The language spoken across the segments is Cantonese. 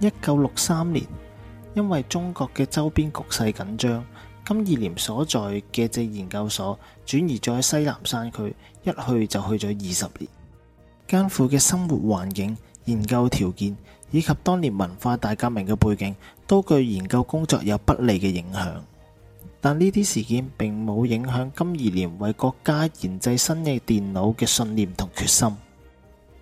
一九六三年，因為中國嘅周邊局勢緊張，金怡濂所在嘅隻研究所轉移咗喺西南山區，一去就去咗二十年。艱苦嘅生活環境、研究條件以及當年文化大革命嘅背景，都對研究工作有不利嘅影響。但呢啲事件並冇影響金怡濂為國家研製新嘅電腦嘅信念同決心。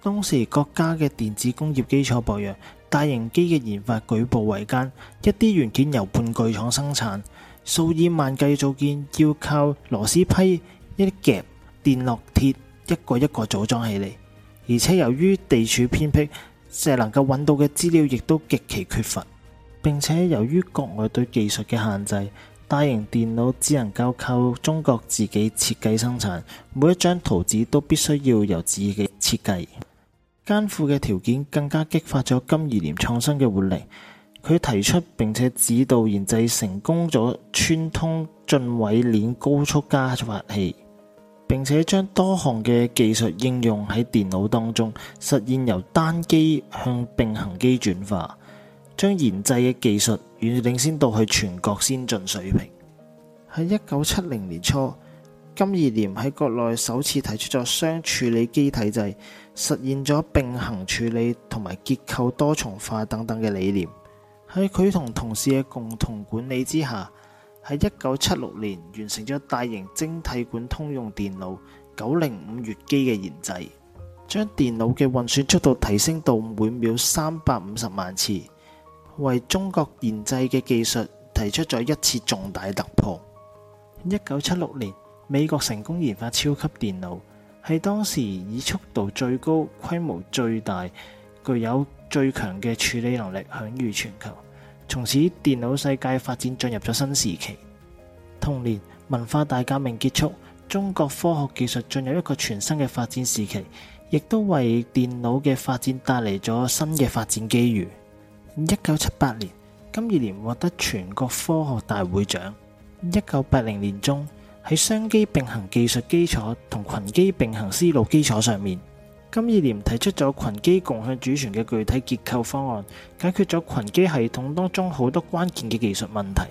當時國家嘅電子工業基礎薄弱。大型機嘅研發舉步維艱，一啲元件由半具廠生產，數以萬計嘅組件要靠螺絲批一夾電烙鐵一個一個組裝起嚟。而且由於地處偏僻，只能夠揾到嘅資料亦都極其缺乏。並且由於國外對技術嘅限制，大型電腦只能夠靠中國自己設計生產，每一張圖紙都必須要由自己設計。艱苦嘅條件更加激發咗金怡濂創新嘅活力。佢提出並且指導研製成功咗穿通進位鏈高速加法器，並且將多項嘅技術應用喺電腦當中，實現由單機向並行機轉化，將研製嘅技術遠領先到去全國先進水平。喺一九七零年初。金怡濂喺國內首次提出咗雙處理機體制，實現咗並行處理同埋結構多重化等等嘅理念。喺佢同同事嘅共同管理之下，喺一九七六年完成咗大型晶體管通用電腦九零五月機嘅研製，將電腦嘅運算速度提升到每秒三百五十萬次，為中國研製嘅技術提出咗一次重大突破。一九七六年。美國成功研發超級電腦，係當時以速度最高、規模最大、具有最強嘅處理能力，享譽全球。從此，電腦世界發展進入咗新時期。同年，文化大革命結束，中國科學技術進入一個全新嘅發展時期，亦都為電腦嘅發展帶嚟咗新嘅發展機遇。一九七八年，金怡濂獲得全國科學大會獎。一九八零年中。喺雙機並行技術基礎同群機並行思路基礎上面，金怡濂提出咗群機共享主存嘅具體結構方案，解決咗群機系統當中好多關鍵嘅技術問題。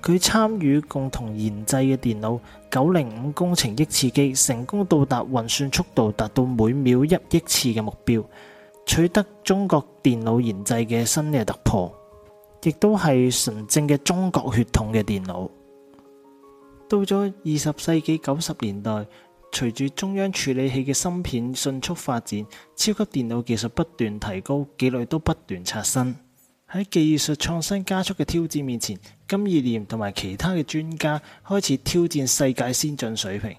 佢參與共同研製嘅電腦九零五工程億次機，成功到達運算速度達到每秒一億次嘅目標，取得中國電腦研製嘅新嘅突破，亦都係純正嘅中國血統嘅電腦。到咗二十世紀九十年代，隨住中央處理器嘅芯片迅速發展，超級電腦技術不斷提高，紀錄都不斷刷新。喺技術創新加速嘅挑戰面前，金怡濂同埋其他嘅專家開始挑戰世界先進水平。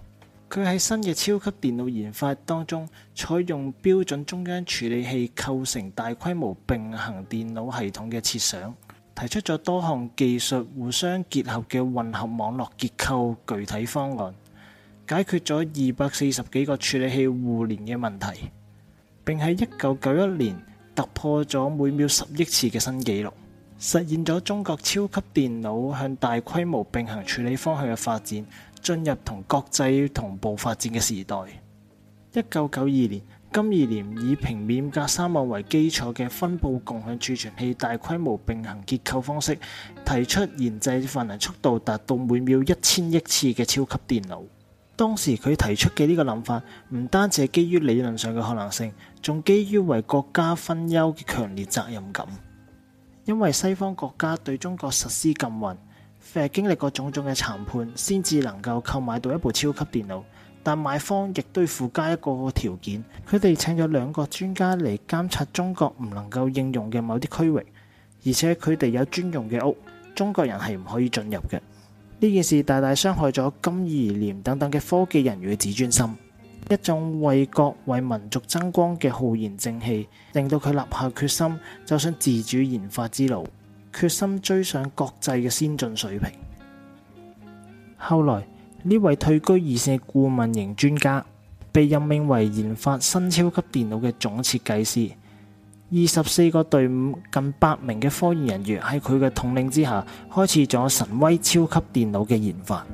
佢喺新嘅超級電腦研發當中，採用標準中央處理器構成大規模並行電腦系統嘅設想。提出咗多項技術互相結合嘅混合網絡結構具體方案，解決咗二百四十幾個處理器互聯嘅問題，並喺一九九一年突破咗每秒十億次嘅新紀錄，實現咗中國超級電腦向大規模並行處理方向嘅發展，進入同國際同步發展嘅時代。一九九二年。今二年以平面格三網為基礎嘅分布共享儲存器大規模並行結構方式，提出研製效能速度達到每秒一千億次嘅超級電腦。當時佢提出嘅呢個諗法，唔單止係基於理論上嘅可能性，仲基於為國家分憂嘅強烈責任感。因為西方國家對中國實施禁運，費係經歷過種種嘅談判，先至能夠購買到一部超級電腦。但買方亦都附加一個條件，佢哋請咗兩個專家嚟監察中國唔能夠應用嘅某啲區域，而且佢哋有專用嘅屋，中國人係唔可以進入嘅。呢件事大大傷害咗金怡濂等等嘅科技人員嘅自尊心，一種為國為民族爭光嘅浩然正氣，令到佢立下決心，走上自主研發之路，決心追上國際嘅先進水平。後來，呢位退居二線嘅顧問型專家，被任命為研發新超級電腦嘅總設計師。二十四個隊伍近百名嘅科研人員喺佢嘅統領之下，開始咗神威超級電腦嘅研發。